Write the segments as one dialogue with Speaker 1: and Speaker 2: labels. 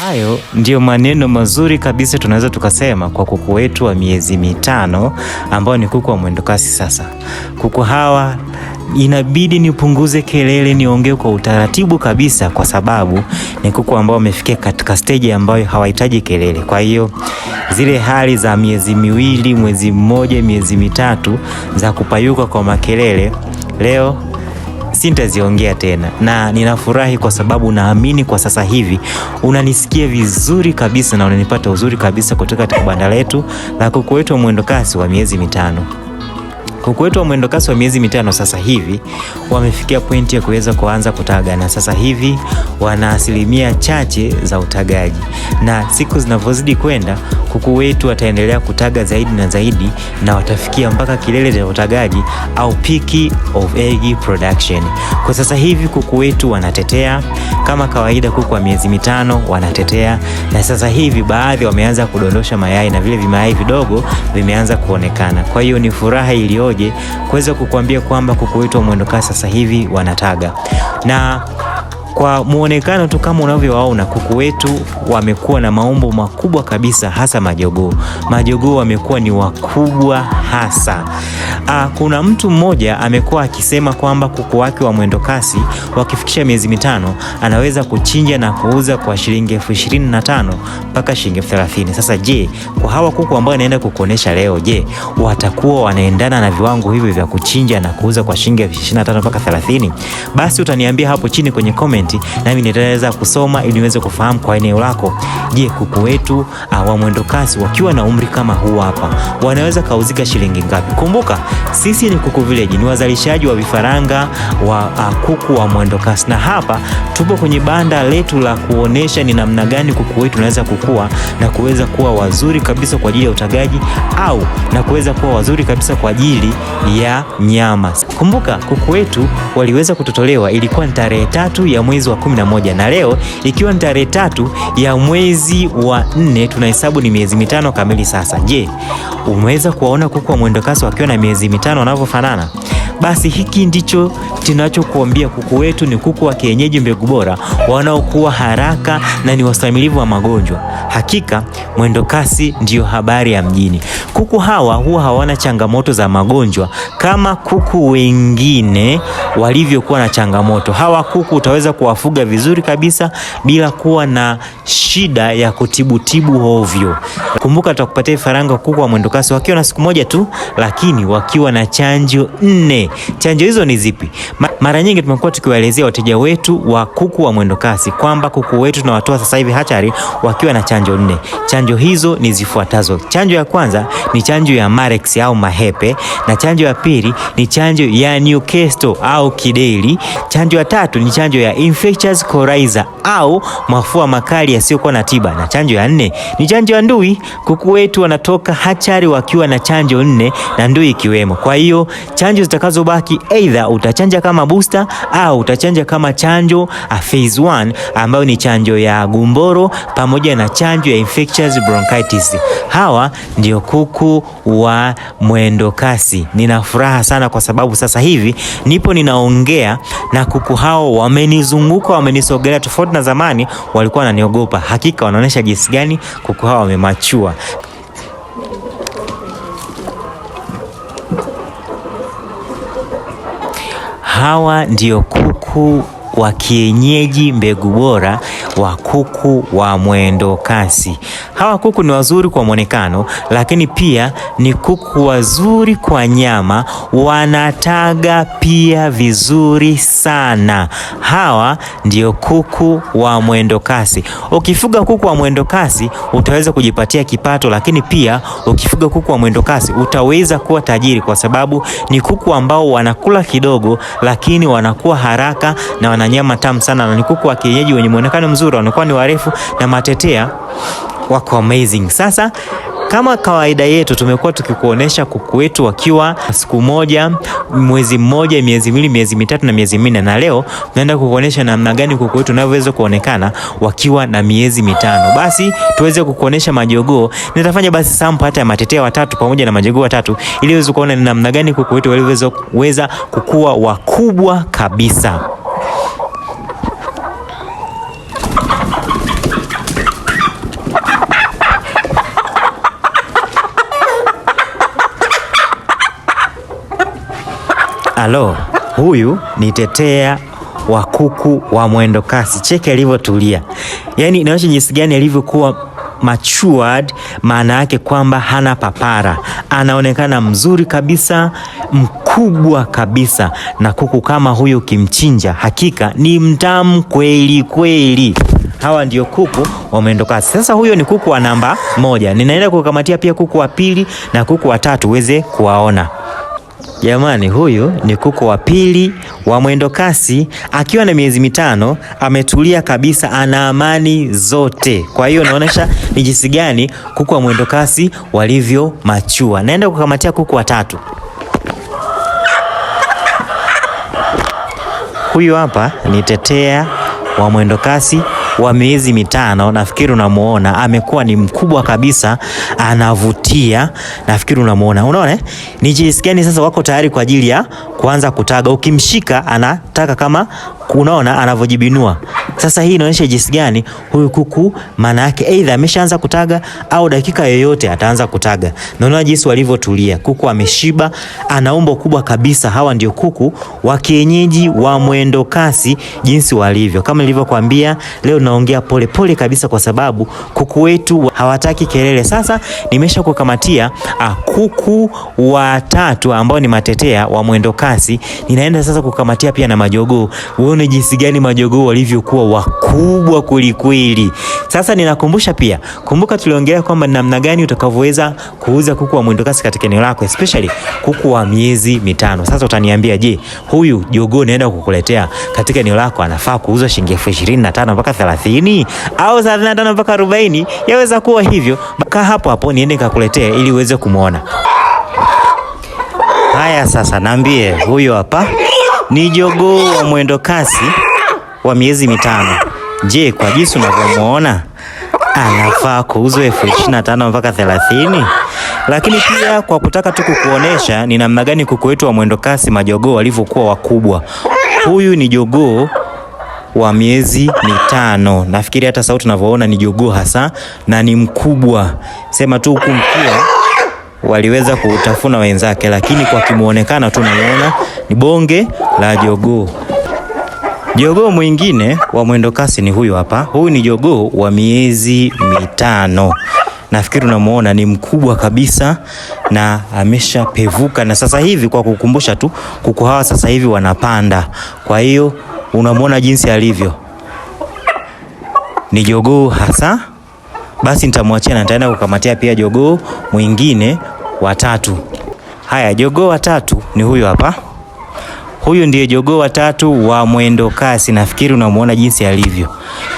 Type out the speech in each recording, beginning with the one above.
Speaker 1: Hayo ndiyo maneno mazuri kabisa tunaweza tukasema kwa kuku wetu wa miezi mitano ambao ni kuku wa mwendokasi. Sasa kuku hawa inabidi nipunguze kelele, niongee kwa utaratibu kabisa, kwa sababu ni kuku ambao wamefikia katika steji ambayo hawahitaji kelele. Kwa hiyo zile hali za miezi miwili, mwezi mmoja, miezi mitatu za kupayuka kwa makelele leo sintaziongea tena, na ninafurahi kwa sababu naamini kwa sasa hivi unanisikia vizuri kabisa na unanipata uzuri kabisa kutoka katika banda letu la kuku wetu mwendokasi wa miezi mitano kuku wetu wa mwendokasi wa miezi mitano sasa hivi wamefikia pointi ya kuweza kuanza kutaga, na sasa hivi wana asilimia chache za utagaji, na siku zinavyozidi kwenda kuku wetu wataendelea kutaga zaidi na zaidi, na watafikia mpaka kilele cha utagaji au peak of egg production. Kwa sasa hivi kuku wetu wanatetea kama kawaida, kuku wa miezi mitano wanatetea, na sasa hivi baadhi wameanza kudondosha mayai na vile vimayai vidogo vimeanza kuonekana. Kwa hiyo ni furaha iliyo ikoje, kuweza kukuambia kwamba kuku wetu wa mwendokasi sasa hivi wanataga na kwa muonekano tu kama unavyowaona, kuku wetu wamekuwa na maumbo makubwa kabisa, hasa majogoo. Majogoo wamekuwa ni wakubwa hasa. Aa, ah, kuna mtu mmoja amekuwa akisema kwamba kuku wake wa mwendo kasi wakifikisha miezi mitano anaweza kuchinja na kuuza kwa shilingi elfu ishirini na tano mpaka shilingi elfu thelathini. Sasa je, kwa hawa kuku ambao anaenda kukuonesha leo, je, watakuwa wanaendana na viwango hivyo vya kuchinja na kuuza kwa shilingi elfu ishirini na tano mpaka 30? Basi utaniambia hapo chini kwenye comment comment, nami nitaweza kusoma ili niweze kufahamu kwa eneo lako. Je, kuku wetu ah, wa mwendo kasi wakiwa na umri kama huu hapa wanaweza kauzika shilingi ngapi? Kumbuka sisi ni Kuku Village, ni wazalishaji wa vifaranga wa a, ah, kuku wa mwendo kasi, na hapa tupo kwenye banda letu la kuonesha ni namna gani kuku wetu wanaweza kukua na kuweza kuwa wazuri kabisa kwa ajili ya utagaji au na kuweza kuwa wazuri kabisa kwa ajili ya nyama. Kumbuka kuku wetu waliweza kutotolewa, ilikuwa ni tarehe tatu ya mwezi mwezi wa 11 na leo ikiwa ni tarehe tatu ya mwezi wa nne, tunahesabu ni miezi mitano kamili sasa. Je, umeweza kuwaona kuku wa mwendokasi wakiwa na miezi mitano wanavyofanana? Basi hiki ndicho tunachokuambia, kuku wetu ni kuku wa kienyeji mbegu bora wanaokuwa haraka na ni wastahimilivu wa magonjwa. Hakika mwendo kasi ndiyo habari ya mjini. Kuku hawa huwa hawana changamoto za magonjwa kama kuku wengine walivyokuwa na changamoto. Hawa kuku utaweza kuwafuga vizuri kabisa bila kuwa na shida ya kutibutibu ovyo. Kumbuka, tutakupatia vifaranga kuku wa mwendokasi wakiwa na siku moja tu, lakini wakiwa na chanjo nne chanjo hizo ni zipi? Mara nyingi tumekuwa tukiwaelezea wateja wetu wa kuku wa mwendokasi kwamba kuku wetu tunawatoa sasa hivi hachari wakiwa na chanjo nne. Chanjo hizo ni zifuatazo. Chanjo ya kwanza ni chanjo ya Marex au mahepe, na chanjo ya pili ni chanjo ya Newcastle au kideli. Chanjo ya tatu ni chanjo ya infectious coryza au mafua makali yasiyokuwa na tiba, na chanjo ya nne ni chanjo ya ndui. Kuku wetu wanatoka hachari wakiwa na chanjo nne na ndui ikiwemo. Kwa hiyo chanjo zitakazo zinazobaki aidha utachanja kama booster au utachanja kama chanjo phase 1 ambayo ni chanjo ya gumboro pamoja na chanjo ya infectious bronchitis. Hawa ndio kuku wa mwendo kasi. Nina furaha sana kwa sababu sasa hivi nipo ninaongea na kuku hao, wamenizunguka, wamenisogelea, tofauti na zamani walikuwa wananiogopa. Hakika wanaonyesha jinsi gani kuku hao wamemachua. Hawa ndio kuku wa kienyeji mbegu bora wa kuku wa mwendo kasi. Hawa kuku ni wazuri kwa mwonekano, lakini pia ni kuku wazuri kwa nyama, wanataga pia vizuri sana. Hawa ndio kuku wa mwendo kasi. Ukifuga kuku wa mwendo kasi utaweza kujipatia kipato, lakini pia ukifuga kuku wa mwendo kasi utaweza kuwa tajiri, kwa sababu ni kuku ambao wanakula kidogo, lakini wanakuwa haraka na wana nyama tamu sana, na ni kuku wa kienyeji wenye mwonekano mzuri wazuri, wanakuwa ni warefu na matetea wako amazing. Sasa kama kawaida yetu tumekuwa tukikuonesha kuku wetu wakiwa siku moja, mwezi mmoja, miezi miwili, miezi mitatu na miezi minne, na leo tunaenda kukuonesha namna gani kuku wetu wanavyoweza kuonekana wakiwa na miezi mitano. Basi tuweze kukuonesha majogoo. Nitafanya basi sample hata ya matetea watatu pamoja na majogoo watatu, ili uweze kuona ni namna gani kuku wetu walivyoweza kukua wakubwa kabisa. Alo, huyu ni tetea wa kuku wa mwendo kasi. Cheki alivyotulia, yaani inaonyesha jinsi gani alivyokuwa matured. Maana yake kwamba hana papara, anaonekana mzuri kabisa, mkubwa kabisa, na kuku kama huyo ukimchinja, hakika ni mtamu kweli kweli. Hawa ndio kuku wa mwendo kasi. Sasa huyo ni kuku wa namba moja. Ninaenda kukamatia pia kuku wa pili na kuku wa tatu uweze kuwaona. Jamani, huyu ni kuku wa pili wa mwendo kasi akiwa na miezi mitano, ametulia kabisa, ana amani zote. Kwa hiyo naonesha ni jinsi gani kuku wa mwendo kasi walivyo machua. Naenda kukamatia kuku watatu. Huyu hapa ni tetea wa mwendo kasi wa miezi mitano, nafikiri unamuona amekuwa ni mkubwa kabisa, anavutia. Nafikiri unamuona, unaona eh? ni jinsi gani sasa wako tayari kwa ajili ya kuanza kutaga. Ukimshika anataka kama unaona anavyojibinua. Sasa hii inaonyesha jinsi gani huyu kuku maana yake aidha ameshaanza kutaga au dakika yoyote ataanza kutaga. Naona jinsi walivyotulia. Kuku ameshiba, ana umbo kubwa kabisa. Hawa ndio kuku wa kienyeji wa mwendo kasi jinsi walivyo. Kama nilivyokuambia, leo naongea pole pole kabisa kwa sababu kuku wetu hawataki kelele. Sasa nimesha kukamatia a, ah, kuku watatu ambao ni matetea wa mwendo kasi. Ninaenda sasa kukamatia pia na majogoo tuone jinsi gani majogoo walivyokuwa wakubwa kwelikweli. Sasa ninakumbusha pia, kumbuka tuliongelea kwamba namna gani utakavyoweza kuuza kuku wa mwendokasi katika eneo lako, especially kuku wa miezi mitano. Sasa utaniambia, je, huyu jogoo naenda kukuletea katika eneo lako anafaa kuuzwa shilingi elfu ishirini na tano mpaka thelathini au thelathini na tano mpaka arobaini Yaweza kuwa hivyo. Baka hapo hapo niende kakuletea ili uweze kumwona. Haya, sasa naambie huyo hapa ni jogoo wa mwendo kasi wa miezi mitano. Je, kwa jinsi unavyomwona anafaa kuuzwa elfu ishirini na tano mpaka thelathini lakini pia kwa kutaka tu kukuonesha ni namna gani kuku wetu wa mwendo kasi majogoo walivyokuwa wakubwa. Huyu ni jogoo wa miezi mitano. Nafikiri hata sauti unavyoona ni jogoo hasa na ni mkubwa, sema tu huku mkia waliweza kutafuna wenzake, lakini kwa kimuonekana tu ni bonge la jogoo. Jogoo mwingine wa mwendo kasi ni huyu hapa. Huyu ni jogoo wa miezi mitano. Nafikiri unamuona ni mkubwa kabisa na ameshapevuka, na sasa hivi kwa kukumbusha tu, kuku hawa sasa hivi wanapanda. Kwa hiyo unamuona jinsi alivyo, ni jogoo hasa. Basi nitamwachia na nitaenda kukamatia pia jogoo mwingine watatu. Haya, jogoo watatu ni huyu hapa. Huyu ndiye jogoo watatu wa mwendo kasi. Nafikiri unamuona jinsi alivyo,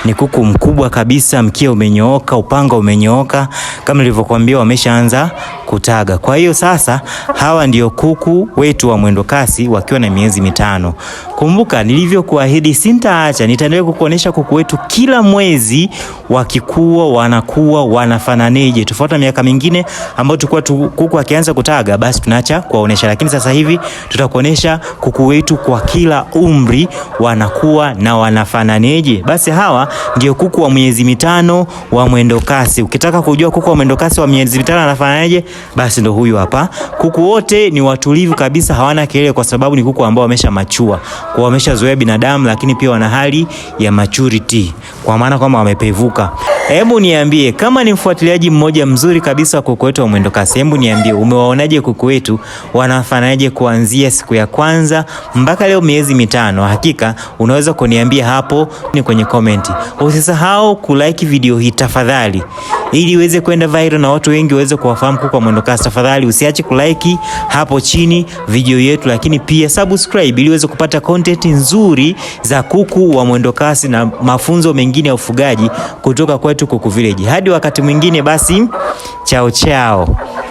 Speaker 1: ni kuku mkubwa kabisa, mkia umenyooka, upanga umenyooka. Kama nilivyokuambia, wameshaanza kutaga. Kwa hiyo sasa hawa ndio kuku wetu wa mwendokasi wakiwa na miezi mitano. Kumbuka nilivyokuahidi, sintaacha, nitaendelea kukuonesha kuku wetu kila mwezi wakikua, wanakuwa wanafananeje, tofauti na miaka mingine ambayo tulikuwa kuku akianza kutaga basi tunaacha kuwaonesha, lakini sasa hivi tutakuonesha kuku wetu kwa kila umri wanakuwa na wanafananeje. Basi hawa ndio kuku wa miezi mitano wa mwendokasi. Ukitaka kujua kuku wa mwendokasi wa miezi mitano wanafananeje basi ndo huyu hapa. Kuku wote ni watulivu kabisa, hawana kelele kwa sababu ni kuku ambao wamesha machua. Kwa wameshazoea binadamu, lakini pia wana hali ya maturity. Kwa maana kwamba wamepevuka. Hebu niambie kama ni mfuatiliaji mmoja mzuri kabisa wa kuku wetu wa mwendo kasi, hebu niambie umewaonaje kuku wetu, wanafanaje kuanzia siku ya kwanza mpaka leo miezi mitano? Hakika unaweza kuniambia hapo ni kwenye komenti. Usisahau kulike video hii tafadhali, ili iweze kwenda viral na watu wengi waweze kuwafahamu kuku wa mwendo kasi. Tafadhali usiache kulike hapo chini video yetu, lakini pia subscribe ili uweze kupata content nzuri za kuku wa mwendo kasi na mafunzo mengine ya ufugaji kutoka kwetu wetu Kuku Village. Hadi wakati mwingine basi, chao chao.